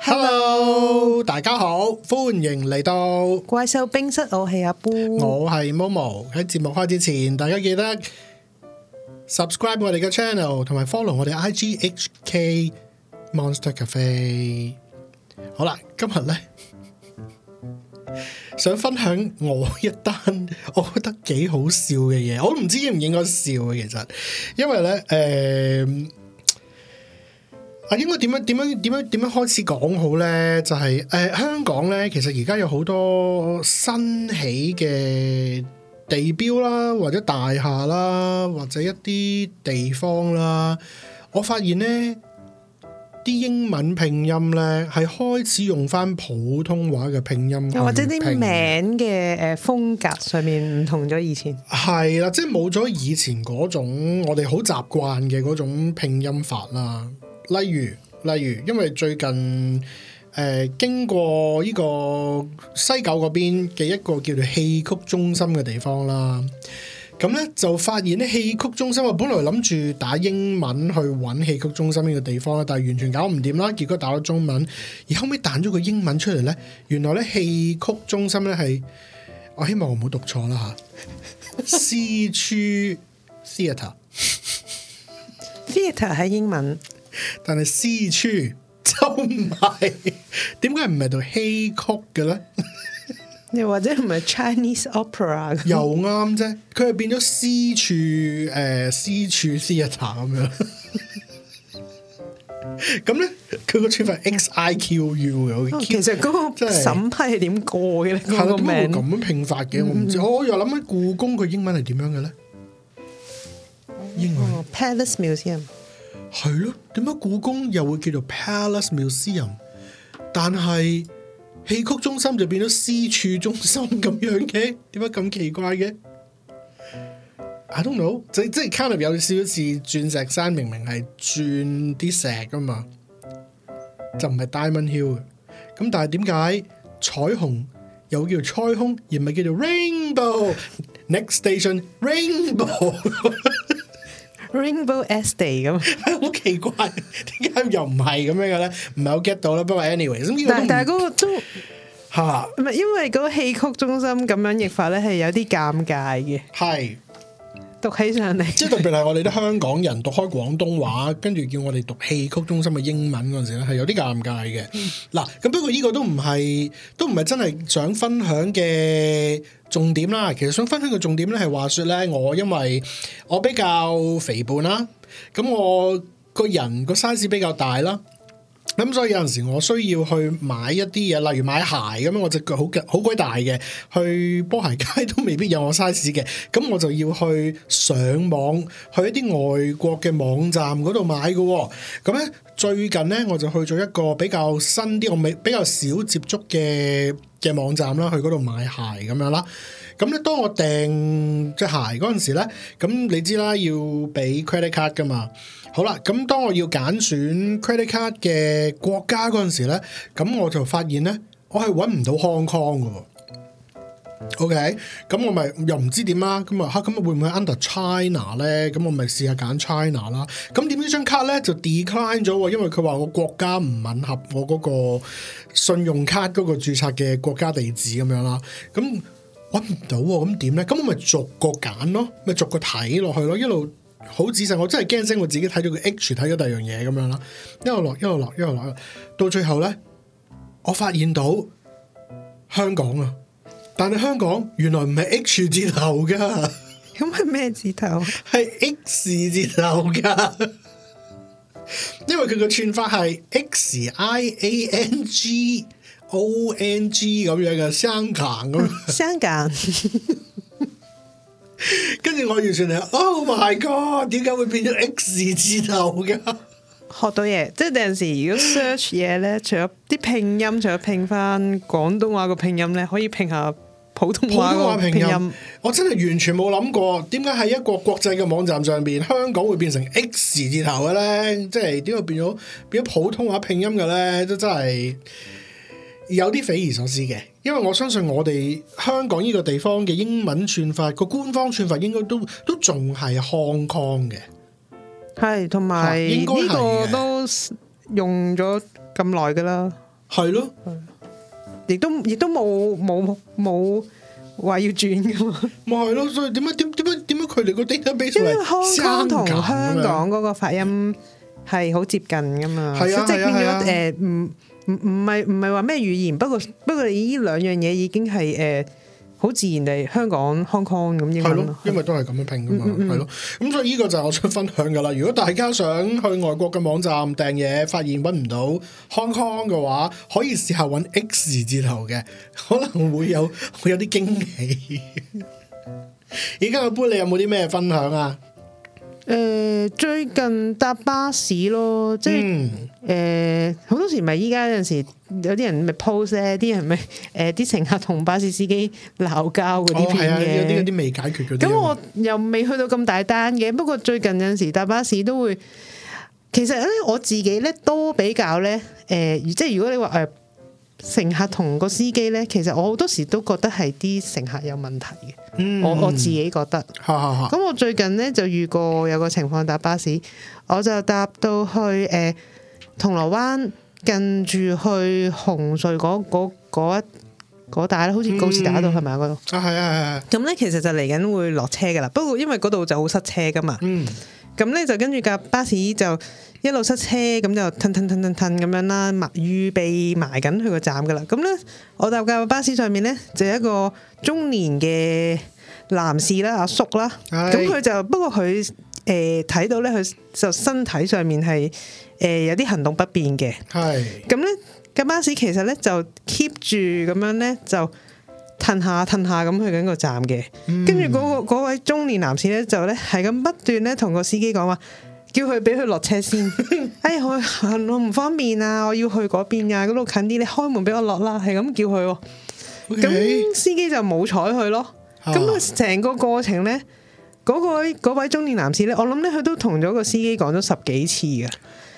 Hello, Hello. 大家好，歡迎嚟到怪獸冰室。我係阿波，我係 Momo。喺節目開之前，大家記得 subscribe 我哋嘅 channel，同埋 follow 我哋 I G H K Monster Cafe。好啦，今日呢，想分享我一單，我覺得幾好笑嘅嘢，我唔知應唔應該笑嘅，其實，因為呢。誒、呃。啊！應該點樣點樣點樣點樣開始講好咧？就係、是、誒、呃、香港咧，其實而家有好多新起嘅地標啦，或者大廈啦，或者一啲地方啦。我發現咧，啲英文拼音咧係開始用翻普通話嘅拼音拼的，又或者啲名嘅誒風格上面唔同咗以前係啦，即係冇咗以前嗰種我哋好習慣嘅嗰種拼音法啦。例如，例如，因為最近誒、呃、經過呢個西九嗰邊嘅一個叫做戲曲中心嘅地方啦，咁咧就發現咧戲曲中心，我本來諗住打英文去揾戲曲中心呢個地方啦，但係完全搞唔掂啦，結果打咗中文，而後尾彈咗個英文出嚟咧，原來咧戲曲中心咧係，我希望我冇讀錯啦吓，私 處 theatre，theatre 係英文。但係私處就唔係，點解唔係度戲曲嘅咧？又或者唔係 Chinese Opera？又啱啫，佢係變咗私處誒，私處私一查咁樣呢。咁咧，佢個取法 X I Q U 有、哦。其實嗰個審批係點過嘅咧？係啊，點解會咁樣拼法嘅？我唔知。嗯嗯，我又諗緊故宮佢英文係點樣嘅咧？英、哦、Palace Museum。係咯，點解故宮又會叫做 Palace Museum？但係戲曲中心就變咗私處中心咁樣嘅，點解咁奇怪嘅？I don't know，我唔明。即即係 Carry 有少少似鑽石山，明明係鑽啲石㗎嘛，就唔係 Diamond Hill。咁但係點解彩虹又叫做彩虹，而唔係叫做 Rainbow？Next station Rainbow。 S Rainbow、este、SD 咁，好奇怪，點 解又唔係咁樣嘅咧？唔係好 get 到啦，不過 anyway，咁依、 嗰個都但係嗰個中唔係因為嗰個戲曲中心咁樣譯法咧，係有啲尷尬嘅，係。讀起上嚟，即係特別係我哋啲香港人讀開廣東話，跟住叫我哋讀戲曲中心嘅英文嗰陣時咧，係有啲尷尬嘅。嗱，咁不過呢個都唔係，都唔係真係想分享嘅重點啦。其實想分享嘅重點咧，係話説咧，我因為我比較肥胖啦，咁我個人個 size 比較大啦。咁所以有陣時我需要去買一啲嘢，例如買鞋咁樣，我隻腳好好鬼大嘅，去波鞋街都未必有我 size 嘅，咁我就要去上網去一啲外國嘅網站嗰度買嘅，哦。咁咧最近咧我就去咗一個比較新啲，我未比較少接觸嘅嘅網站啦，去嗰度買鞋咁樣啦。咁咧當我訂隻鞋嗰陣時咧，咁你知啦，要俾 credit card 噶嘛。好啦，咁當我要揀選 credit card 嘅國家嗰陣時咧，咁我就發現咧，我係搵唔到 Hong Kong 噶。OK，咁我咪又唔知點啦。咁啊，咁會唔會 under China 咧？咁我咪試下揀 China 啦。咁點知呢張卡咧就 decline 咗，因為佢話我國家唔吻合我嗰個信用卡嗰個註冊嘅國家地址咁樣啦。咁搵唔到，啊，咁點咧？咁我咪逐個揀咯，咪逐個睇落去咯，一路。好仔細，我真係驚聲，我自己睇咗個 H，睇咗第二樣嘢咁樣啦，一路落一路落一路落，到最後咧，我發現到香港啊，但係香港原來唔係 H 字頭噶，咁係咩字頭？係 X 字頭噶，因為佢嘅串法係 X I A N G O N G 咁樣嘅香港咁。香港。跟住 我完全係，Oh my God！點解會變咗 X 字頭嘅？學到嘢。即係第陣時如果 search 嘢咧，除咗啲拼音，除咗拼翻廣東話個拼音咧，可以拼下普通，拼普通話拼音。我真係完全冇諗過，點解喺一個國際嘅網站上邊，香港會變成 X 字頭嘅咧？即係點解變咗變咗普通話拼音嘅咧？都真係。有啲匪夷所思嘅，因為我相信我哋香港呢個地方嘅英文串法，個官方串法應該都都仲係 Hong Kong 嘅，係同埋呢個都用咗咁耐㗎啦，係咯，亦都亦都冇冇冇話要轉㗎嘛，咪係咯，所以點解點點解點解佢哋個啲音俾出嚟，香港同香港嗰個發音係好接近㗎嘛，係啊，即係變咗誒唔。唔唔係唔係話咩語言，不過不過呢兩樣嘢已經係誒好自然地香港 Hong Kong 咁樣咯，因為都係咁樣拼噶嘛，係咯、嗯嗯嗯。咁所以呢個就係我想分享噶啦。如果大家想去外國嘅網站訂嘢，發現揾唔到 Hong Kong 嘅話，可以試下揾 X 字頭嘅，可能會有會 有啲驚喜。而 家 Ar Boo，你有冇啲咩分享啊？誒最近搭巴士咯，即係誒好多時咪依家有陣時有啲人咪 post 咧，啲人咪誒啲乘客同巴士司機鬧交嗰啲片嘅，啲啲未解決嘅，咁我又未去到咁大單嘅，不過最近有陣時搭巴士都會，其實咧我自己咧都比較咧誒、呃，即係如果你話誒。乘客同個司機咧，其實我好多時都覺得係啲乘客有問題嘅，嗯、我我自己覺得。咁呵我最近咧就遇過有個情況搭巴士，我就搭到去誒、呃、銅鑼灣，近住去紅隧嗰嗰帶咧，好似告士打道係咪啊嗰度？啊係啊係啊！咁咧其實就嚟緊會落車噶啦，不過因為嗰度就好塞車噶嘛。咁咧、嗯、就跟住架巴士就。一路塞車，咁就褪褪褪褪褪咁樣啦，埋預備埋緊去個站噶啦。咁咧，我搭架巴士上面咧，就有一個中年嘅男士啦，阿、啊、叔啦。咁佢的就不過佢誒睇到咧，佢就身體上面係誒、呃、有啲行動不便嘅。係的。咁咧，架巴士其實咧就 keep 住咁樣咧就褪下褪下咁去緊個站嘅。跟住嗰個嗰位中年男士咧就咧係咁不斷咧同個司機講話。叫佢俾佢落車先，哎，我行路唔方便啊，我要去嗰邊啊，嗰度近啲，你開門俾我落啦，係咁叫佢，咁 Okay. 司機就冇睬佢咯。咁佢成個過程呢，嗰、嗰個位中年男士呢，我諗呢，佢都同咗個司機講咗十幾次嘅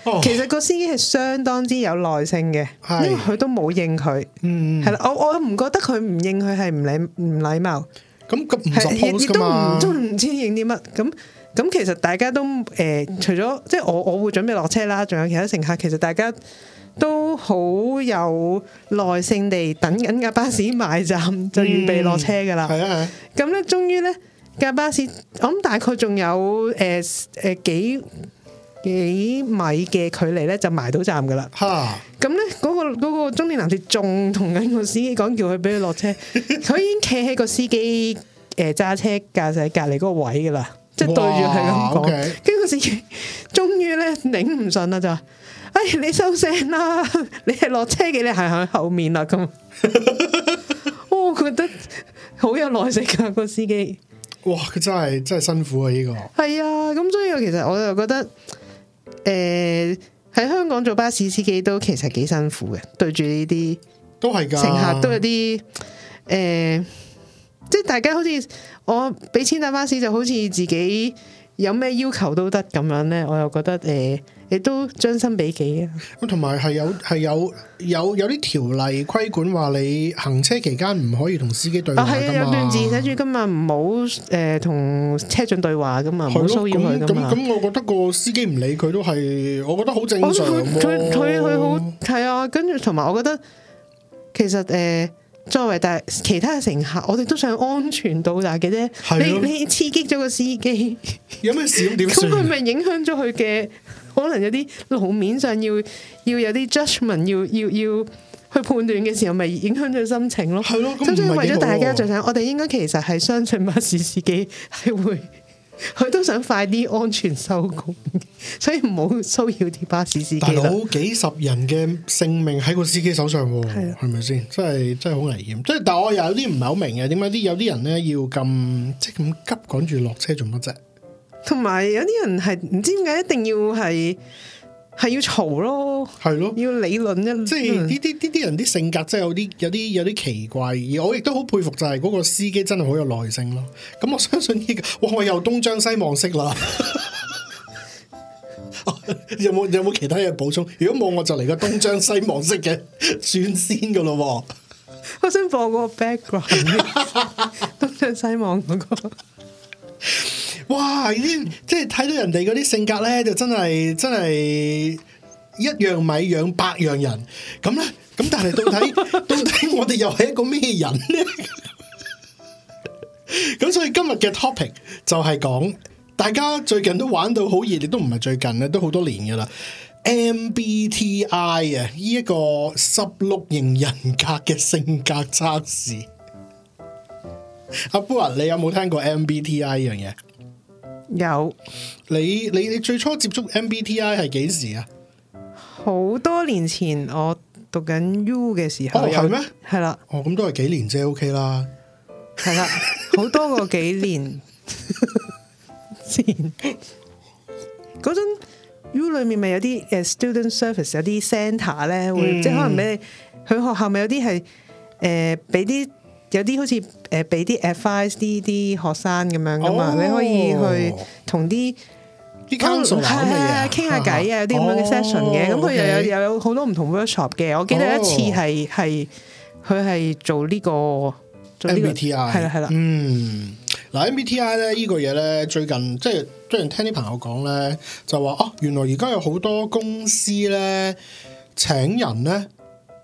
，oh. 其實個司機係相當之有耐性嘅，因為佢都冇應佢，嗯，係啦，我我唔覺得佢唔應佢係唔禮唔禮貌，咁咁唔識 post 噶嘛，都唔知應啲乜咁。咁其實大家都誒、呃，除咗即係我，我會準備落車啦。仲有其他乘客，其實大家都好有耐性地等緊架巴士埋站，就、嗯、預備落車噶啦。係啊，咁咧、嗯，終於咧架巴士，我諗大概仲有誒誒、呃、幾幾米嘅距離咧，就埋到站噶啦。咁咧嗰個中年男士仲同緊個司機講，叫佢俾佢落車。佢 已經企喺個司機誒揸車駕駛隔離嗰個位噶啦。即係對住佢咁講，跟住、okay、司機終於咧頂唔順啦，就話：哎，你收聲啦！你係落車嘅，你行喺後面啦咁。這 我覺得好有耐性㗎個司機。哇！佢真係真係辛苦啊呢、這個。係啊，咁所以我其實我就覺得，誒、呃、喺香港做巴士司機都其實幾辛苦嘅，對住呢啲都係噶乘客都有啲誒。即係大家好似我俾錢搭巴士，就好似自己有咩要求都得咁樣咧。我又覺得誒，亦、呃、都將心比己啊。咁同埋係有係有有有啲條例規管話你行車期間唔可以同司機對話噶嘛？啊、有段字寫住今日唔好誒同車長對話噶嘛，好騷擾佢。咁咁咁，我覺得個司機唔理佢都係，我，的我覺得好正常。佢佢佢好係啊，跟住同埋我覺得其實誒。呃作為但其他嘅乘客，我哋都想安全到達嘅啫。的你你刺激咗個司機，有咩事點算？咁咪 影響咗佢嘅，可能有啲路面上要要有啲 judgment 要要要去判斷嘅時候，咪影響咗心情咯。係咯，咁唔係為咗大家着想，我哋應該其實係相信巴士司機係會。佢都想快啲安全收工，所以唔好騷擾啲巴士司機。大佬幾十人嘅性命喺個司機手上喎，係咪先？真係真係好危險。即係但係我又有啲唔係好明嘅，點解啲有啲人咧要咁即係咁急趕住落車做乜啫？同埋有啲人係唔知點解一定要係。係要嘈咯，係咯，要理論一。即係呢啲呢啲人啲性格真係有啲有啲有啲奇怪。而我亦都好佩服，就係嗰個司機真係好有耐性咯。咁我相信呢、這個，哇！我又東張西望式啦。 有冇有冇其他嘢補充？如果冇，我就嚟個東張西望式嘅轉先噶咯。我想播嗰個 background，東張西望嗰、那個。哇！呢即係睇到人哋嗰啲性格呢，就真係真係一樣米養百樣人咁呢，咁但係到底 到底我哋又係一個咩人呢？咁 所以今日嘅 topic 就係講大家最近都玩到好熱烈，亦都唔係最近咧，都好多年噶啦。MBTI 啊，呢、這、一個十六型人格嘅性格測試。阿波啊，你有冇聽過 MBTI 呢樣嘢？有，你你你最初接觸 MBTI 係幾時啊？好多年前我讀緊 U 嘅時候係咩？係啦，哦，的哦，咁都係幾年啫，OK 啦，係啦， 好多個幾年前嗰陣 U 裏面咪有啲誒 student service 有啲 center 咧，嗯、會即係可能俾你，佢學校咪有啲係誒俾啲。呃有啲好似誒俾啲 advice 啲啲學生咁樣噶嘛，你可以去同啲傾下偈啊，有啲咁樣嘅 session 嘅，咁佢又有又有好多唔同 workshop 嘅。我記得有一次係係佢係做呢個 MBTI，係啦係啦。嗯，嗱 MBTI 咧呢個嘢咧，最近即係最近聽啲朋友講咧，就話啊原來而家有好多公司咧請人咧，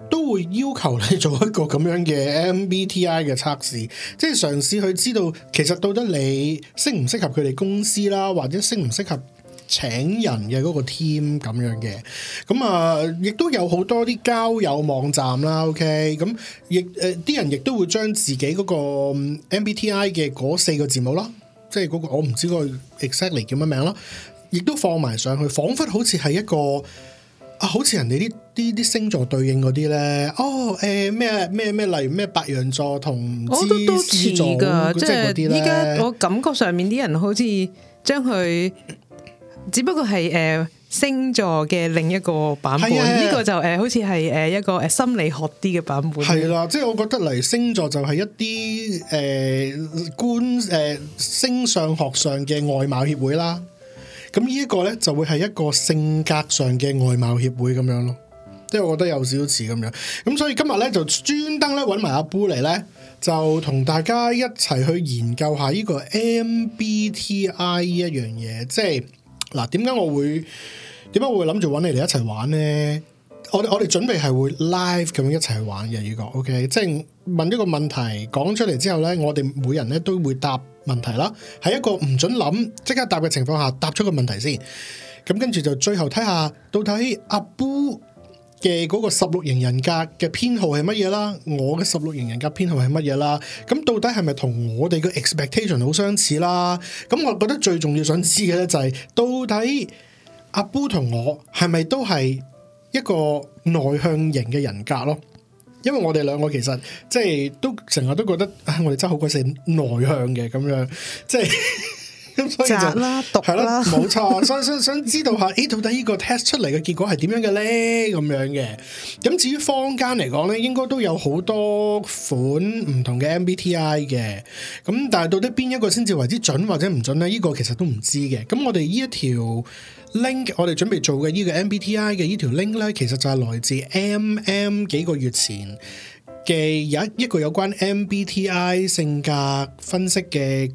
都會要求你做一個咁樣嘅 MBTI 嘅測試，即係嘗試去知道，其實到底你適唔適合佢哋公司啦，或者適唔適合請人嘅嗰個 team 咁樣嘅。咁啊，亦、呃、都有好多啲交友網站啦，OK，咁亦誒啲人亦都會將自己嗰個 MBTI 嘅嗰四個字母啦，即係嗰個我唔知個 exactly 叫乜名啦，亦都放埋上去，仿佛好似係一個。啊！好似人哋啲啲啲星座對應嗰啲咧，哦，誒咩咩咩，例如咩白羊座同我都都似噶，即係依家我感覺上面啲人好似將佢，只不過係誒、呃、星座嘅另一個版本，呢個就誒、呃、好似係誒一個誒心理學啲嘅版本。係啦，即係我覺得嚟星座就係一啲誒觀誒星相學上嘅外貌協會啦。咁呢一個咧就會係一個性格上嘅外貌協會咁樣咯，即係我覺得有少少似咁樣。咁所以今日咧就專登咧搵埋 Ar Boo 嚟，咧就同大家一齊去研究下呢個 MBTI 呢一樣嘢。即係嗱，點解我會點解我會諗住搵你哋一齊玩咧？我哋我哋準備係會 Live 咁樣一齊玩嘅呢、這個。OK，即係問一個問題，講出嚟之後咧，我哋每人咧都會答。問題啦，喺一個唔準諗即刻答嘅情況下，答出個問題先。咁跟住就最後睇下到底阿布嘅嗰個十六型人格嘅偏好係乜嘢啦，我嘅十六型人格偏好係乜嘢啦？咁到底係咪同我哋嘅 expectation 好相似啦？咁我覺得最重要想知嘅咧，就係到底阿布同我係咪都係一個內向型嘅人格咯？因為我哋兩個其實即係、就是、都成日都覺得啊、哎，我哋真係好鬼死內向嘅咁樣，即、就、係、是。 查啦，讀啦，冇錯，所以想想知道下，誒到底呢個 test 出嚟嘅結果係點樣嘅咧？咁樣嘅，咁至於坊間嚟講咧，應該都有好多款唔同嘅 MBTI 嘅，咁但係到底邊一個先至為之準或者唔準咧？呢個其實都唔知嘅。咁我哋呢一條 link，我哋準備做嘅呢個 MBTI 嘅呢條 link 咧，其實就係來自 MM 幾個月前嘅一一個有關 MBTI 性格分析嘅。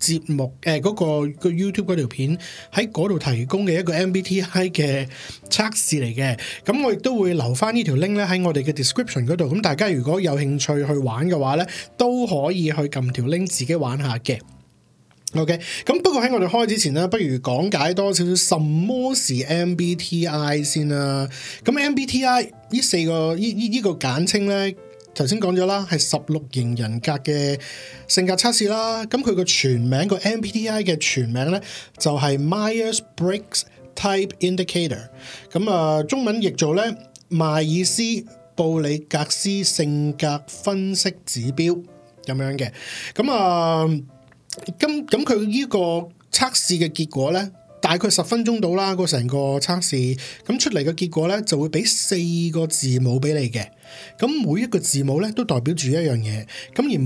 節目誒嗰、呃嗰個、嗰個、YouTube 嗰條片喺嗰度提供嘅一個 MBTI 嘅測試嚟嘅，咁我亦都會留返呢條 link 咧喺我哋嘅 description 嗰度，咁大家如果有興趣去玩嘅話咧，都可以去撳條 link 自己玩下嘅。OK，咁不過喺我哋開之前咧，不如講解多少少什麼是 MBTI 先啦、啊。咁 MBTI 呢四個呢呢呢個簡稱咧。頭先講咗啦，係十六型人格嘅性格測試啦。咁佢個全名個 MBTI 嘅全名咧，就係、是、Myers-Briggs Type Indicator。咁、呃、啊，中文譯做咧，邁爾斯布里格斯性格分析指標咁樣嘅。咁啊，咁咁佢呢個測試嘅結果咧。大概十分鐘到啦，個成個測試，咁出嚟嘅結果咧就會俾四個字母俾你嘅，咁每一個字母咧都代表住一樣嘢，咁而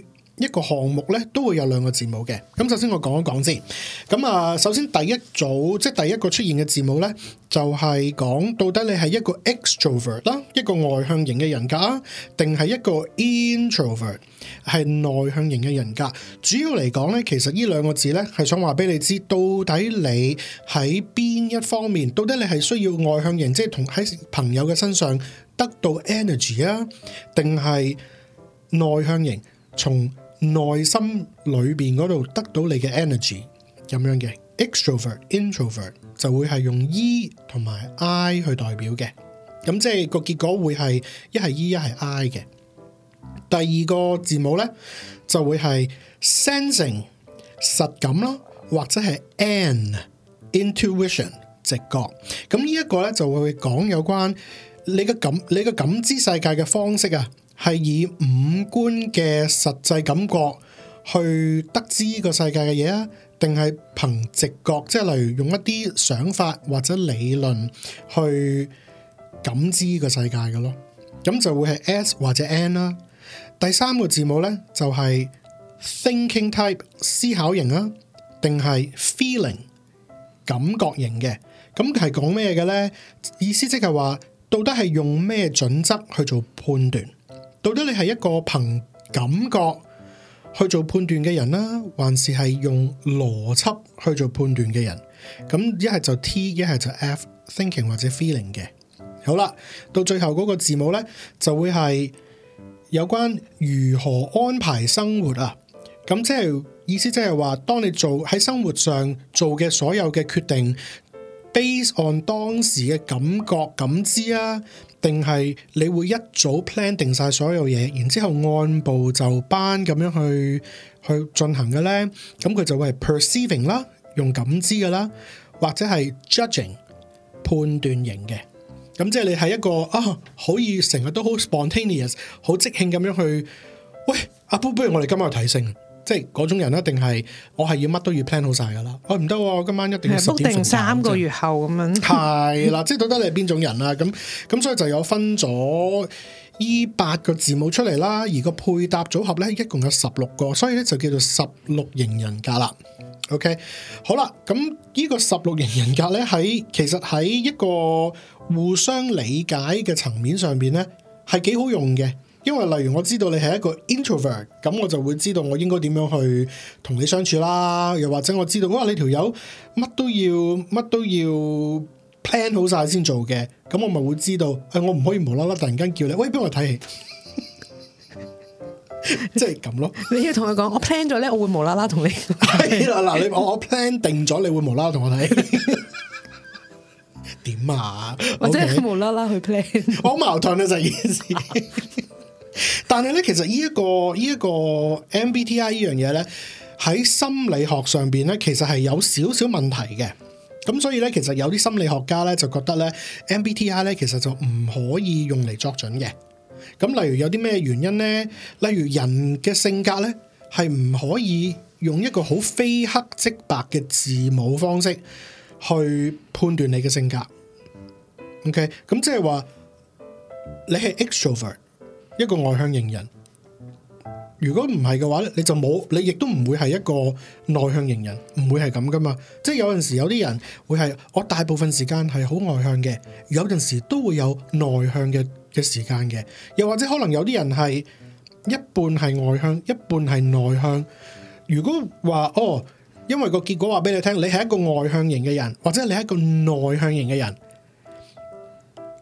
每一個項目咧都會有兩個字母嘅，咁首先我講一講先。咁啊，首先第一組即係第一個出現嘅字母咧，就係講到底你係一個 extrovert 啦，一個外向型嘅人格，定係一個 introvert，係內向型嘅人格。主要嚟講咧，其實呢兩個字咧係想話俾你知，到底你喺邊一方面，到底你係需要外向型，即係同喺朋友嘅身上得到 energy 啊，定係內向型，從內心裏面嗰度得到你嘅 energy 咁樣嘅，extrovert、introvert 就會係用 E 同埋 I 去代表嘅，咁即係個結果會係一係 E 一係 I 嘅。第二個字母咧就會係 sensing 實感啦，或者係 N intuition 直覺。咁呢一個咧就會講有關你嘅感你嘅感知世界嘅方式啊。係以五官嘅實際感覺去得知呢個世界嘅嘢啊，定係憑直覺，即係例如用一啲想法或者理論去感知呢個世界嘅咯。咁就會係 S 或者 N 啦。第三個字母咧就係 Thinking Type 思考型啊，定係 Feeling 感覺型嘅。咁係講咩嘅咧？意思即係話到底係用咩準則去做判斷？到底你係一個憑感覺去做判斷嘅人啦、啊，還是係用邏輯去做判斷嘅人？咁一係就是 T，一係就是 F thinking 或者 feeling 嘅。好啦，到最後嗰個字母咧，就會係有關如何安排生活啊。咁即係意思即係話，當你做喺生活上做嘅所有嘅決定，based on 當時嘅感覺感知啊。定係你會一早 plan 定曬所有嘢，然之後按部就班咁樣去去進行嘅咧，咁佢就會係 perceiving 啦，用感知嘅啦，或者係 judging 判斷型嘅，咁即係你係一個啊，可以成日都好 spontaneous，好即興咁樣去，喂，阿 Boo，不如我哋今日睇升。即係嗰種人一定係我係要乜都要 plan 好晒噶啦。我唔得，我今晚一定要點。是定三個月後咁樣。係 啦，即係到底你係邊種人呀？咁咁所以就有分咗依八個字母出嚟啦，而個配搭組合咧一共有十六個，所以咧就叫做十六型人格啦。OK，好啦，咁呢個十六型人格咧喺其實喺一個互相理解嘅層面上面咧係幾好用嘅。因為例如我知道你係一個 introvert，咁我就會知道我應該點樣去同你相處啦。又或者我知道，哇，你條友乜都要乜都要 plan 好晒先做嘅，咁我咪會知道，誒、哎、我唔可以無啦啦突然間叫你，喂畀我睇戲？即係咁咯。 versus like. 你要同佢講，我 plan 咗咧，我會無啦啦同你。係、 哎、啦，嗱你我我 plan 定咗，你會無啦啦同我睇？點 profitability? 啊？或者無啦啦去 plan？我好矛盾啊，成件事。但係咧，其實、這個這個、呢一個依一個 MBTI 呢樣嘢咧，喺心理學上邊咧，其實係有少少問題嘅。咁所以咧，其實有啲心理學家咧就覺得咧，MBTI 咧其實就唔可以用嚟作準嘅。咁例如有啲咩原因咧？例如人嘅性格咧係唔可以用一個好非黑即白嘅字母方式去判斷你嘅性格。OK，咁即係話你係 extrovert。一個外向型人，如果唔係嘅話咧，你就冇，你亦都唔會係一個內向型人，唔會係咁㗎嘛。即係有陣時有啲人會係，我大部分時間係好外向嘅，有陣時都會有內向嘅嘅時間嘅。又或者可能有啲人係一半係外向，一半係內向。如果話哦，因為個結果話俾你聽，你係一個外向型嘅人，或者你係一個內向型嘅人。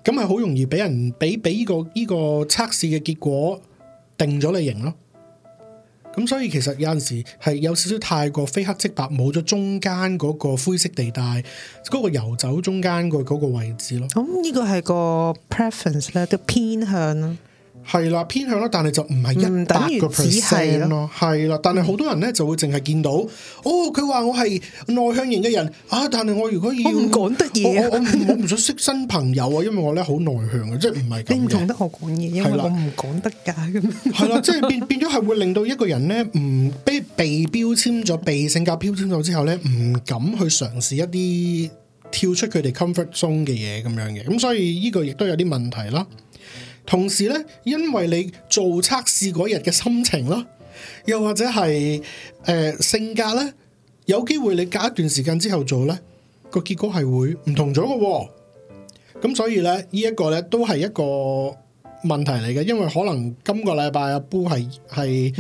咁咪好容易俾人俾俾呢個呢、呢個測試嘅結果定咗你型咯，咁所以其實有陣時係有少少太過非黑即白，冇咗中間嗰個灰色地帶，嗰、嗰個遊走中間個嗰個位置咯。咁呢、嗯呢個係個 preference 咧，即偏向啊。係啦，偏向啦，但係就唔係一百個 percent 咯。係啦，但係好多人咧就會淨係見到，嗯、哦，佢話我係內向型嘅人啊，但係我如果要唔講得嘢，我唔想識新朋友啊， 因為的我咧好內向嘅，即係唔係咁。你同得我講嘢，因為我唔講得噶。係啦，即係變變咗係會令到一個人咧唔被被標籤咗， 被性格標籤咗之後咧，唔敢去嘗試一啲跳出佢哋 comfort zone 嘅嘢咁樣嘅。咁所以呢個亦都有啲問題啦。同時咧，因為你做測試嗰日嘅心情咯，又或者係誒、呃、性格咧，有機會你隔一段時間之後做咧，個結果係會唔同咗嘅。咁所以咧，呢個、呢一個咧都係一個問題嚟嘅，因為可能今個禮拜阿 Boo 係係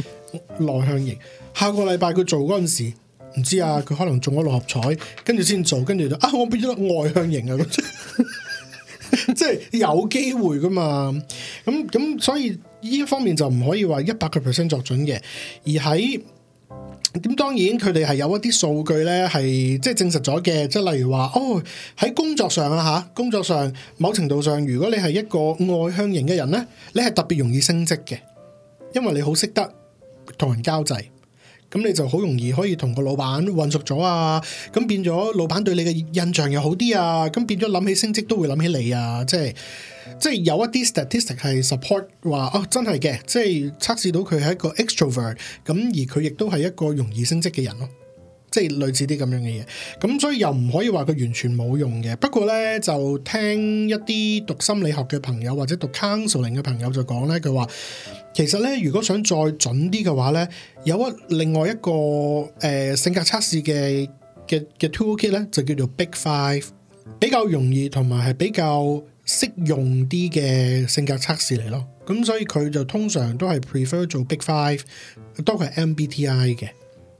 內向型，下個禮拜佢做嗰陣時候，唔知啊，佢可能中咗六合彩，跟住先做，跟住就啊，我變咗外向型啊咁。 即係 有機會噶嘛？咁咁，所以呢一方面就唔可以話一百個 percent 作準嘅。而喺咁當然，佢哋係有一啲數據咧，係即係證實咗嘅。即係例如話，哦喺工作上啊，吓工作上某程度上，如果你係一個外向型嘅人咧，你係特別容易升職嘅，因為你好識得同人交際。咁你就好容易可以同個老闆混熟咗啊！咁變咗老闆對你嘅印象又好啲啊！咁變咗諗起升職都會諗起你啊！即係即係有一啲 statistic 係 support 話哦，真係嘅！即係測試到佢係一個 extrovert，咁而佢亦都係一個容易升職嘅人咯。即係類似啲咁樣嘅嘢。咁所以又唔可以話佢完全冇用嘅。不過咧，就聽一啲讀心理學嘅朋友或者讀 counseling 嘅朋友就講咧，佢話。其實咧，如果想再準啲嘅話咧，有啊，另外一個誒、呃、性格測試嘅嘅嘅 tool kit 咧，就叫做 Big Five，比較容易同埋係比較適用啲嘅性格測試嚟咯。咁所以佢就通常都係 prefer 做 Big Five，都佢係 MBTI 嘅。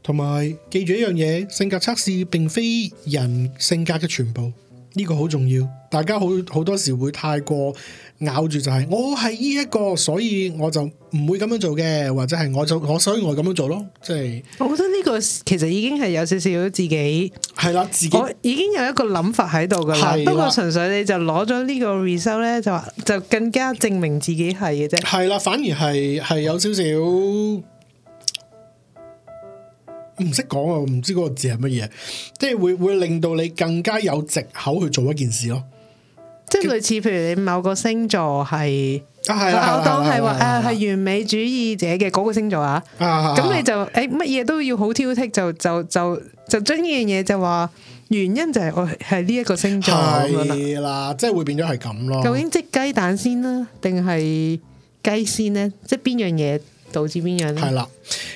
同埋記住一樣嘢，性格測試並非人性格嘅全部。呢個好重要，大家好好多時會太過咬住，就是，就係我係呢一個，所以我就唔會咁樣做嘅，或者係我就我所以我就咁樣做咯，即係。我覺得呢個其實已經係有少少自己係啦，自己我已經有一個諗法喺度噶啦，的不過純粹你就攞咗呢個 result 咧，就就更加證明自己係嘅啫。係啦，反而係係有少少。唔識講啊，我唔知嗰個字係乜嘢，即係會會令到你更加有借口去做一件事咯。即係類似，譬如你某個星座係，啊、我當係話誒係完美主義者嘅嗰個星座啊，咁、啊、你就誒乜嘢都要好挑剔，就就就就將呢樣嘢就話原因就係我係呢一個星座啦，可即係會變咗係咁咯。究竟即雞蛋先啦，定係雞先呢？即係邊樣嘢？導致邊樣係啦，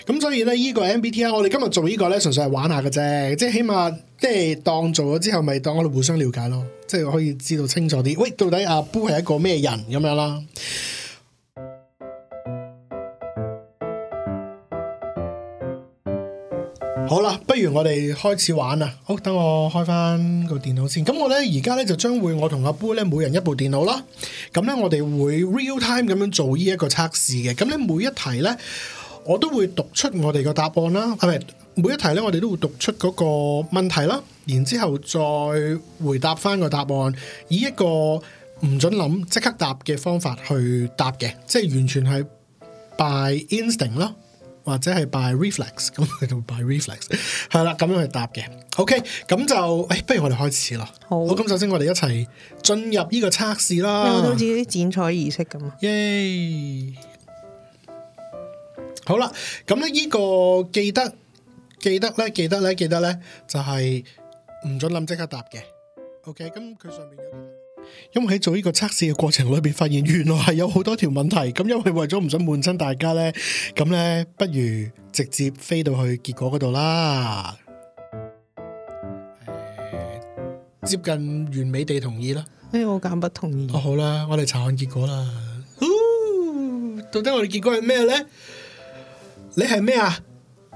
咁所以咧，呢個 MBTI，我哋今日做呢個咧，純粹係玩下㗎啫，即係起碼，即係當做咗之後，咪當我哋互相了解咯，即係可以知道清楚啲，喂，到底 Ar Boo 係一個咩人咁樣啦。好啦，不如我哋開始玩啦！好，等我開翻個電腦先。咁我咧而家咧就將會我同 Ar Boo 咧每人一部電腦啦。咁咧我哋會 real time 咁樣做呢一個測試嘅。咁咧每一題咧，我都會讀出我哋個答案啦。啊，係咪？每一題咧我哋都會讀出嗰個問題啦。然之後再回答翻個答案，以一個唔准諗即刻答嘅方法去答嘅，即係完全係 by instinct 咯。或者係 buy reflex，咁佢就拜 reflex，係 啦，咁樣去答嘅。OK，咁就誒，不如我哋開始咯。好，咁首先我哋一齊進入呢個測試啦，都好似啲剪綵儀式咁啊。耶、yeah！好啦，咁咧呢個記得記得咧，記得咧，記得咧，就係、是、唔准諗即刻答嘅。OK，咁佢上面有。因為喺做呢個測試嘅過程裏邊，發現原來係有好多條問題。咁因為為咗唔想悶親大家呢，咁呢不如直接飛到去結果嗰度啦。接近完美地同意啦。所以、哎，我揀不同意。好啦，我哋查看結果啦。 到底我哋結果係咩呢？你係咩啊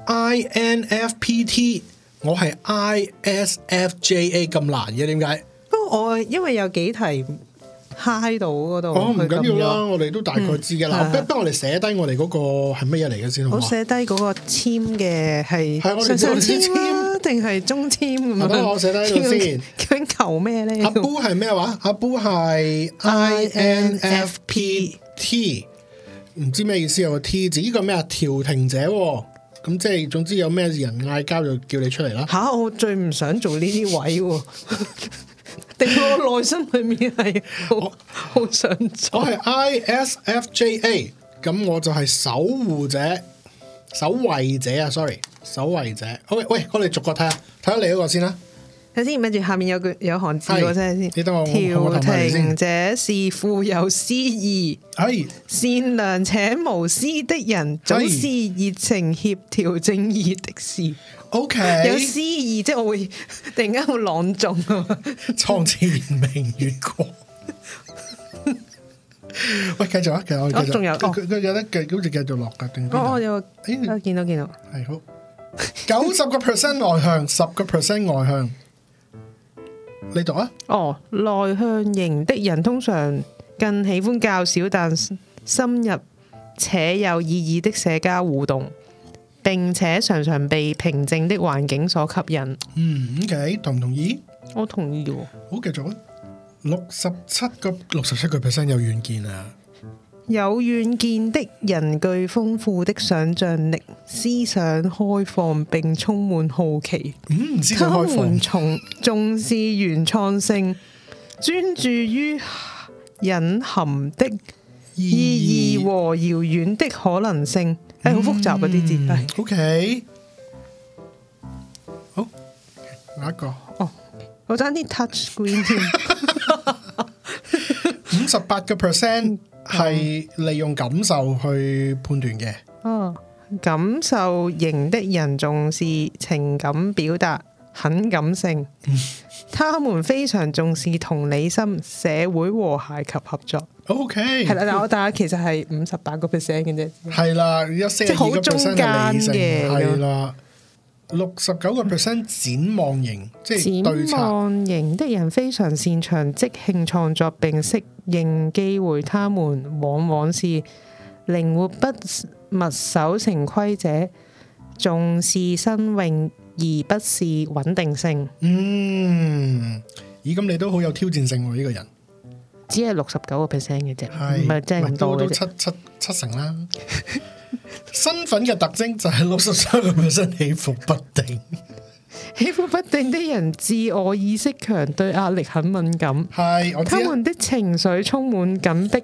？INFPT，我係 ISFJA，咁難嘅點解？我因為有幾題嗨到嗰度，唔緊要啦，哦、不了我哋都大概知噶啦。不如、嗯、我哋寫低我哋嗰個係乜嘢嚟嘅先好？寫低嗰個簽嘅係上上簽啊，定係中簽咁啊？我寫低到先。想求咩咧？阿 Boo 係咩話？阿 Boo 係 I N F P T，唔知咩意思有個 T 字？呢個咩啊？調停者咁，即係總之有咩人嗌交就叫你出嚟啦。吓、啊，我最唔想做呢啲位、啊。 定我內心裏面係好好想做。我係 ISFJA，咁我就係守護者、守衛者啊！Sorry，守衛者。好、okay，喂，我哋逐個睇下，睇下嚟一個先啦。睇先，跟住下面有句有行字，我睇先。你等我我調停者是富有詩意、的善良且無私的人，總是熱情協調正義的事。O Okay . K，有詩意，即係我會突然間會朗誦啊！床前明月光。喂，繼續啊，繼續，我仲、哦、有，佢、哦、有得繼，好似繼續落噶，定、哦。我有，誒、哎啊，見到見到，係好九十個 percent 內向，十個 percent 外向， 你讀啊？哦，內向型的人通常更喜歡較少但深入且有意義的社交互動。並且常常被平靜的環境所吸引。嗯，OK，同唔同意？我同意嘅、哦。好，繼續啊！六十七個，六十七個 percent 有遠見啊！有遠見的人具豐富的想象力，思想開放，並充滿好奇。嗯，唔知佢開放。重重視原創性，專注於隱含的。意，意義和遙遠的可能性，誒、嗯，好、哎、複雜啊啲字。哎、OK，好，下一個。哦，我爭啲 touch screen 添。 五十八個 percent 係利用感受去判斷嘅。哦，oh, 感受型的人重視情感表達，很感性。 他們非常重視同理心、社會和諧及合作。O K，係啦，但我大家其實係五十八個 percent 嘅啫。係啦，一，即好中間嘅。係啦，六十九個 percent 展望型，嗯、即係展望型的人非常擅長即興創作並，並適應機會。他們往往是靈活不墨守成規者，重視新穎。而不是穩定性。嗯，咦、哎，咁你都好有挑戰性喎，啊，呢，這個人。只係六十九個 percent 嘅啫，唔係真係唔多嘅啫。七七七成啦。身份嘅特徵就係六十九個 percent 起伏不定， 起伏不定的人自我意識強，對壓力很敏感。係，我知。他們的情緒充滿緊迫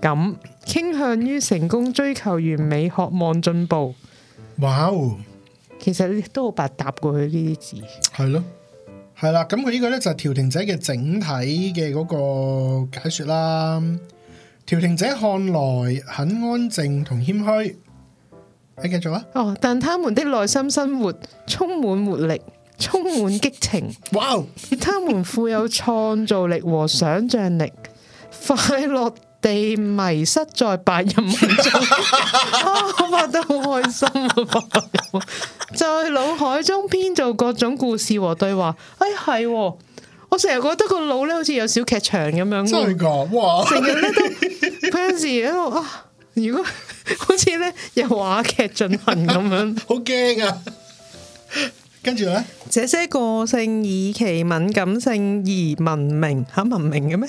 感，傾向於成功，追求完美，渴望進步。哇！Wow. 其實你都好白搭，過去呢啲字，係咯，係啦。咁佢呢個呢，就係調停者嘅整體嘅嗰個解說啦。調停者看來很安靜同謙虛，你繼續啊。哦，但他們的內心生活充滿活力，充滿激情。哇！他們富有創造力和想象力， 快樂。地迷失在白日夢中、 啊，我覺得好開心啊！就在腦海中編造各種故事和對話。哎，係，我成日覺得個腦咧好似有小劇場咁樣。真係噶，哇！成日咧都，嗰陣時喺度啊，如果好似咧有話劇進行咁樣，好驚 啊！跟住呢，這些個性以其敏感性而聞名嚇，聞名嘅咩？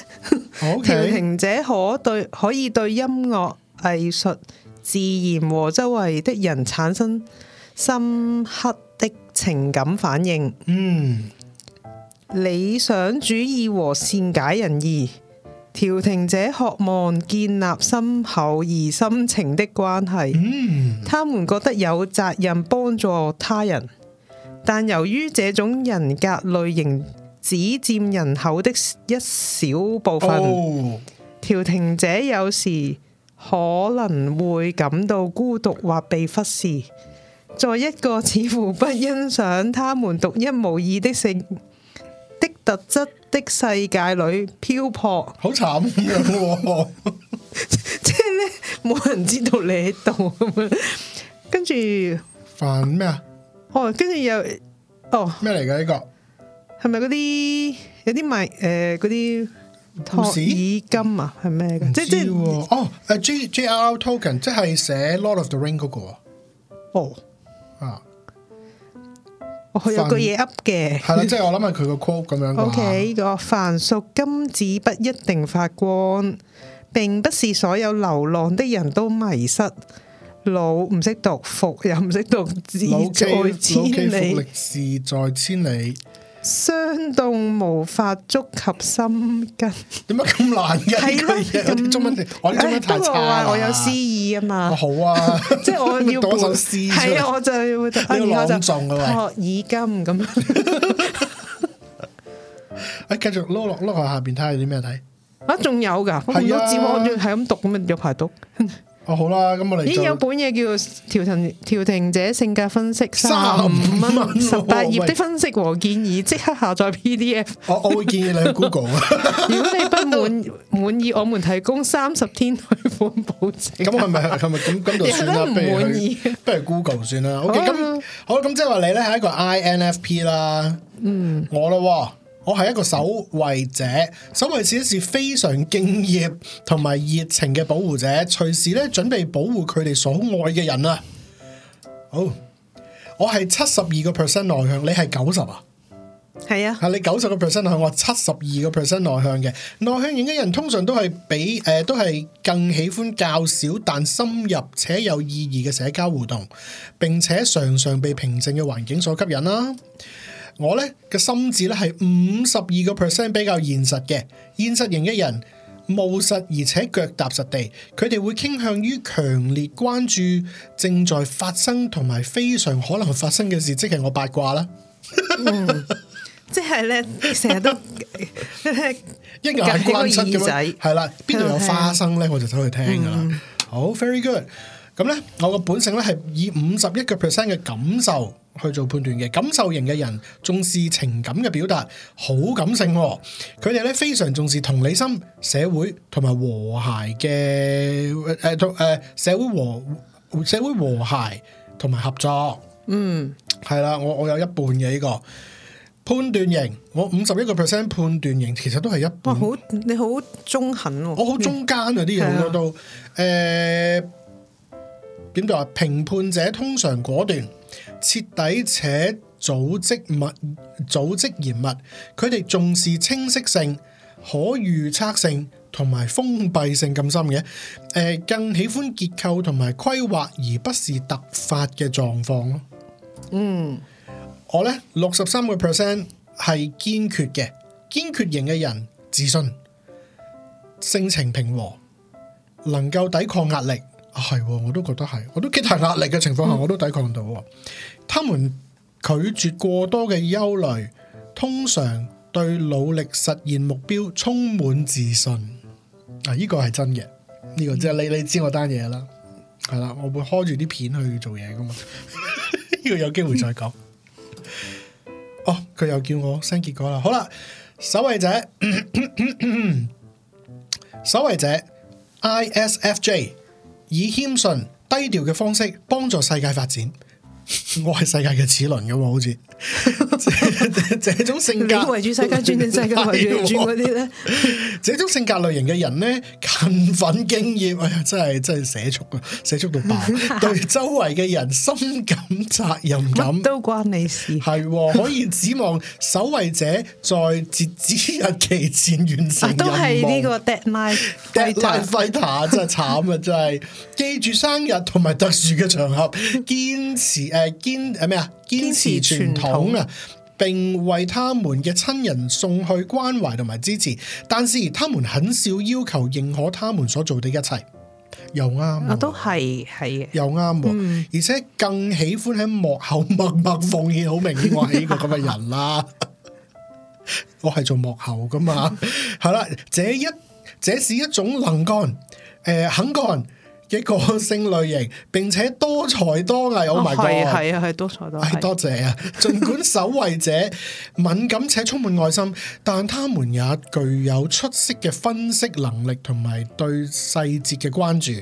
調 Okay. 停者可對可以對音樂、藝術、自然和周圍的人產生深刻的情感反應。嗯，mm. 理想主義和善解人意，調停者渴望建立深厚而深情的關係。嗯，mm. 他們覺得有責任幫助他人。但由於這種人格類型只占人口的一小部分，oh. 調停者有時可能會感到孤獨或被忽視，在一個似乎不欣賞他們獨一無二的性的特質的世界裏漂泊，好慘啊， 即係咧冇人知道你喺度咁樣，跟住煩咩啊？哦，跟住又，哦咩嚟嘅呢個？係咪嗰啲有啲賣誒嗰啲托紙、耳巾啊？係咩嘅？唔知哦，誒 J R R Tolkien，即係寫 Lord of the Ring 嗰個哦啊，佢有個嘢 up 嘅，係啦，即係我諗下佢個 quote 咁樣。O K，個凡俗金子不一定發光，並不是所有流浪的人都迷失。老唔識讀，福又唔識讀，志在千里。老驥，老驥伏櫪，志在千里。霜凍無法觸及心根。點解咁難嘅？係咯，我啲中文我啲中文太差。我有詩意啊嘛。好啊，即係我要讀首詩。係啊，我就要讀。以後就托爾金咁。哎，繼續碌落碌下下邊睇下有啲咩睇。啊，仲有噶，好多字我仲係咁讀，咁啊有排讀。好啦，咁我嚟。已經有本嘢叫做《調停調停者性格分析》，三十五蚊，十八頁的分析和建議，即刻下載 PDF。我我會建議你去 Google 啊！ 如果你不滿滿意， 我們提供三十天退款保證。咁係咪係咪咁咁就算啦？不滿意，不如 Google 算啦。O K，咁好，咁即係話你咧係一個 I N F P 啦。嗯我，我咯。我係一個守衛者，守衛者是非常敬業同埋熱情嘅保護者，隨時咧準備保護佢哋所愛嘅人啊。好，我係七十二個 percent 內向，你係九十啊？係啊，你九十個 percent 內向，我七十二個 percent 內向嘅內向型嘅人，通常都係比誒、呃、都係更喜歡較少但深入且有意義嘅社交互動，並且常常被平靜嘅環境所吸引啦。我咧嘅心智咧係五十二個 percent 比較現實嘅，現實型嘅人，務實而且腳踏實地，佢哋會傾向於強烈關注正在發生同埋非常可能發生嘅事，即係我八卦啦、 嗯。即係咧，成日都一眼關七咁樣，係啦，邊度有花生咧，的我就走去聽㗎啦。嗯、好，very good。咁咧，我個本性咧係以五十一個 percent 嘅感受。去做判斷嘅感受型嘅人重視情感嘅表達，好感性、哦。佢哋咧非常重視同理心社會和、欸欸、社會同埋和諧嘅誒誒社會和社會和諧同埋合作。嗯，係啦，我我有一半嘅呢、呢個判斷型，我五十一個 percent 判斷型，其實都係一半。好你好、哦、中肯，我好中間啊啲嘢喺度。誒，點講啊？評、呃、判者通常果斷。徹底且組織密，組織嚴密，佢哋重視清晰性、可預測性同埋封閉性咁深嘅，誒、呃、更喜歡結構同埋規劃，而不是突發嘅狀況咯。嗯，我呢，六十三個 percent 係堅決嘅，堅決型嘅人，自信，性情平和，能夠抵抗壓力。係、啊，我都覺得係，我都幾大壓力嘅情況下，嗯、我都抵抗到。他們拒絕過多嘅憂慮，通常對努力實現目標充滿自信。啊、呢、這個係真嘅，呢、這個即、就、係、是嗯、你你知我單嘢啦，係啦、啊，我會開住啲片去做嘢噶嘛，呢 要有機會再講。嗯、哦，佢又叫我 send 結果啦。好啦，守衛者，守衛者，I S F J。以謙遜、低調嘅方式幫助世界發展。我係世界嘅齒輪噶嘛，好似，這這種性格，圍住世界轉，世界圍住轉嗰啲咧，這種性格類型嘅人咧， 勤奮敬業，哎呀，真係真係寫足啊，寫足到爆， 對周圍嘅人深感責任感都關你事，係、 哦、可以指望守衛者在截止日期前完成、啊，都係呢個 deadline，deadline fighter 真係慘啊，真係 記住生日同埋特殊嘅場合，堅持誒。Uh, 堅誒咩啊？堅持傳統啊，統並為他們嘅親人送去關懷同埋支持，但是他們很少要求認可他們所做的一切，又啱、啊，我都係係，又啱喎、啊，嗯、而且更喜歡喺幕後默默奉獻。好明顯、啊， 我係呢個咁嘅人啦，我係做幕後㗎嘛。係啦， 這一，這是一種能幹，誒、呃，肯幹。嘅個性類型，並且多才多藝。我唔係啊，係多才多。係多謝啊！儘管守衛者 敏感且充滿愛心，但他們也具有出色嘅分析能力同埋對細節嘅關注。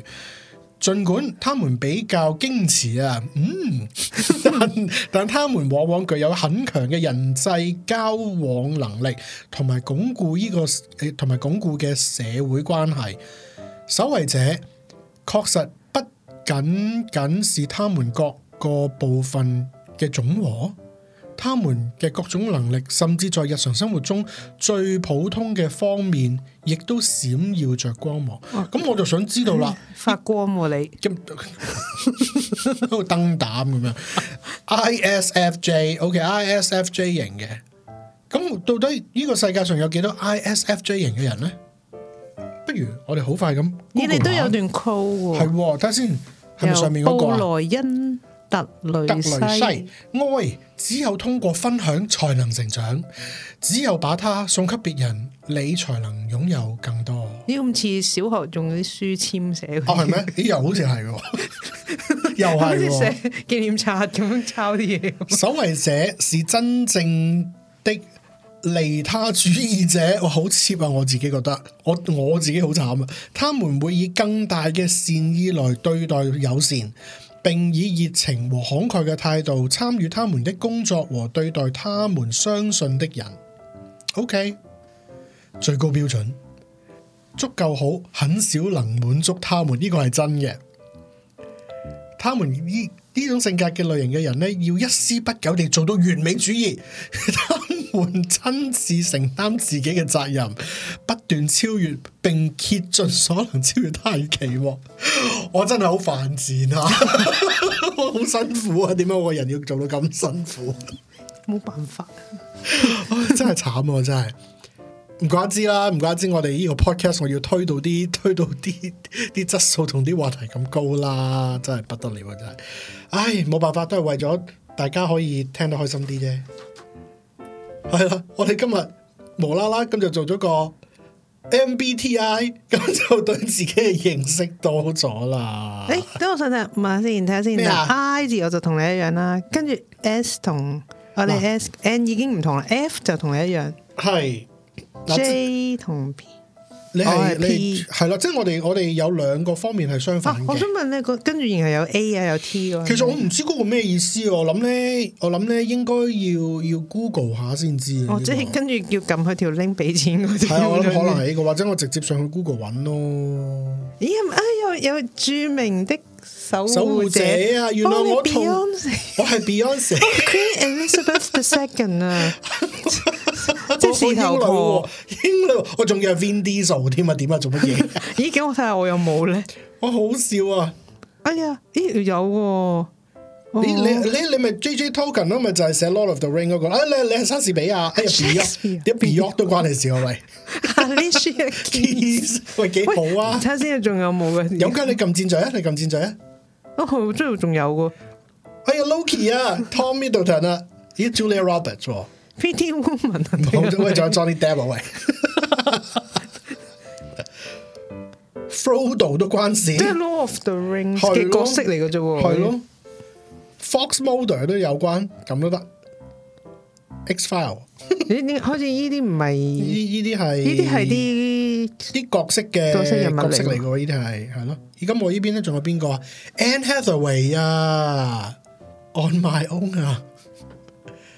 儘管他們比較矜持啊，嗯，但但他們往往具有很強嘅人際交往能力鞏、這個，同埋鞏固呢個誒，同埋鞏固嘅社會關係。守衛者。確實不僅僅是他們各個部分嘅總和，他們嘅各種能力，甚至在日常生活中最普通嘅方面，亦都閃耀着光芒。咁、哦、我就想知道啦、嗯，發光喎、啊、你，燈膽咁樣。 ISFJ，OK，ISFJ、okay，型嘅，咁到底呢個世界上有幾多 ISFJ 型嘅人呢？不如我哋好快咁。你哋都有段 call 喎。係、哦，睇下先，係咪上面嗰，那個？布萊恩特雷西，愛只有通過分享才能成長，只有把它送給別人，你才能擁有更多。呢咁似小學仲有啲書籤寫。啊、 哦，係咩？啲又好似係， 又係的。好似寫紀念冊咁抄啲嘢。 所謂寫是真正的。利他主義者，我好 cheap 啊！我自己覺得，我我自己好慘啊！他們會以更大嘅善意來對待友善，並以熱情和慷慨嘅態度參與他們的工作和對待他們相信的人。O、okay, K，最高標準足夠好，很少能滿足他們呢、這個係真嘅。他們呢種性格嘅類型嘅人呢，要一絲不苟地做到完美主義，他們親自承擔自己嘅責任，不斷超越，並竭盡所能超越他嘅期望。我真係好犯賤啊！我 好辛苦啊！點解我個人要做到咁辛苦？冇 辦法，啊， 真係慘啊！真係。唔怪之啦，唔怪之，我哋呢個 podcast 我要推到啲，推到啲，啲質素同啲話題咁高啦，真係不得了啊，真係，唉，冇辦法，都係為咗大家可以聽得開心啲啫。係啦，我哋今日無啦啦咁就做咗個 MBTI，咁 就對自己嘅認識多咗啦。誒、欸，等我睇睇，唔係先，睇下先。I 字我就同你一樣啦，跟住 S 同我哋 S，N、啊、已經唔同啦，F 就同你一樣，係。J 同 P，你係你係啦，即係、就是、我哋我哋有兩個方面係相反嘅、啊。我想問咧，個跟住然後有 A 啊，有 T 咯、啊。其實我唔知嗰個咩意思喎，我諗咧，我諗咧應該要要 Google 下先知。哦，即係跟住要撳佢條 link 俾錢。係啊，我諗可能係呢個，或者我直接上去 Google 搵咯。咦？啊，有有著名的守護者，者啊？原來我同、哦、我係 Beyonce，Queen Elizabeth the Second 啊。Okay, 即係英雄類，英雄我仲要係 Vin Diesel 添啊？點啊？做乜嘢？咦？咁我睇下我有冇咧？我好笑啊！哎呀，咦有？你你你你咪 J J token 咯，咪就係寫《Lord of the Ring》嗰個。哎你你係莎士比亞？哎呀，啲 Brock 都關你事啊。Alicia Keys，喂幾好啊？睇下先啊，仲有冇嘅？永嘉，你撳箭嘴啊！你撳箭嘴啊！哦，之後仲有喎。哎呀，Loki 啊，Tom Hiddleston，咦 Julia Roberts 哦。Pretty Woman，我準備再裝啲 dead 啊喂，Frodo 都關事，The Lord of the Rings 嘅角色嚟嘅啫喎，係咯，Fox Mulder 都有關咁都得，X File，咦？點解好似呢啲唔係？呢呢啲係呢啲係啲啲角色嘅角色人物嚟嘅，呢啲係係咯。而家我呢邊咧，仲有邊個？Anne Hathaway 呀，On My Own 啊。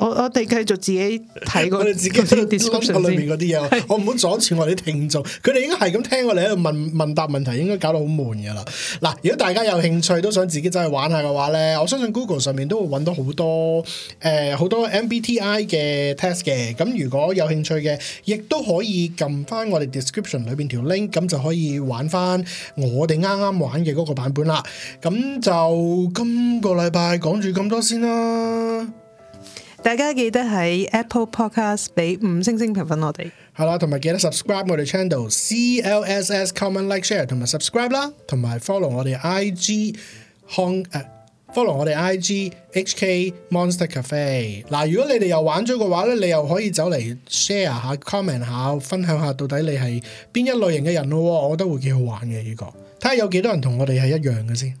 我我哋繼續自己睇嗰、那個， 我哋自己諗、那個、個裏面嗰啲嘢，是 我唔好阻住我哋啲聽眾。佢哋是 應該係咁聽我哋喺度問問答問題，應該搞到好悶噶啦。嗱，如果大家有興趣都想自己走去玩下嘅話咧，我相信 Google 上面都會揾到好多誒好、呃、多 MBTI 嘅 test 嘅。咁如果有興趣嘅，亦都可以撳翻我哋 description 裏邊條 link，咁就可以玩翻我哋啱啱玩嘅嗰個版本啦。咁就今個禮拜講住咁多先啦。大家記得喺 Apple Podcast 俾五星星評分我哋，係啦，同埋記得 subscribe 我哋 channel，CLSS comment like share，同埋 subscribe 啦，同埋 fo、呃、follow 我哋 IG Hong，follow 我哋 IG HK Monster Cafe。嗱、啊，如果你哋又玩咗嘅話咧，你又可以走嚟 share 下，comment 下，分享下，到底你係邊一類型嘅人咯、哦？我覺得會幾好玩嘅呢個，睇下有幾多人同我哋係一樣嘅先。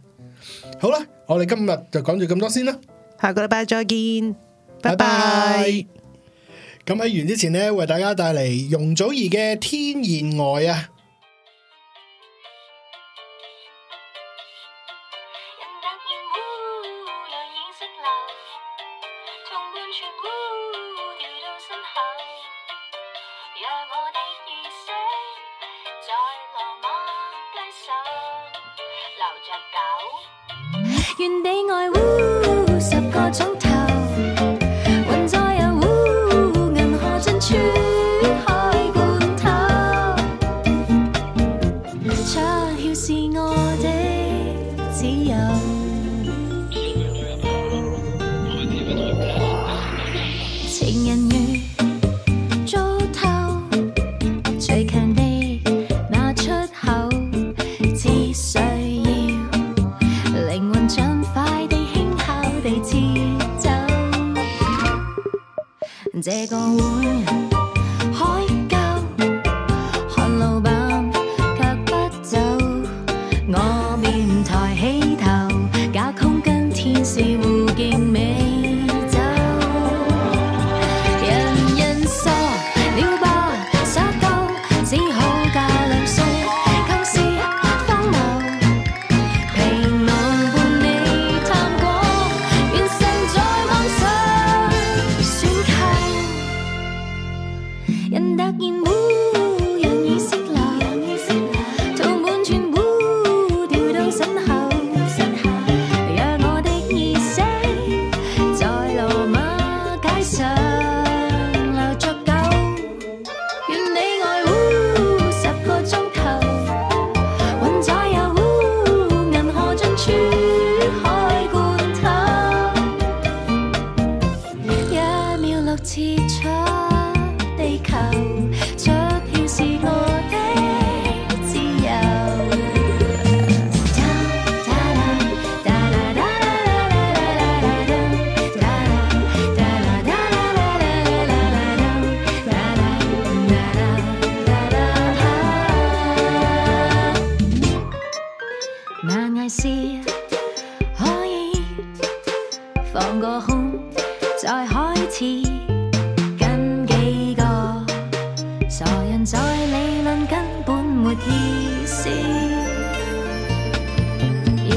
好啦，我哋今日就講住咁多先啦，下個禮拜再見。Bye bye 拜拜！咁喺完之前咧，為大家帶嚟容祖兒嘅《天然呆》啊！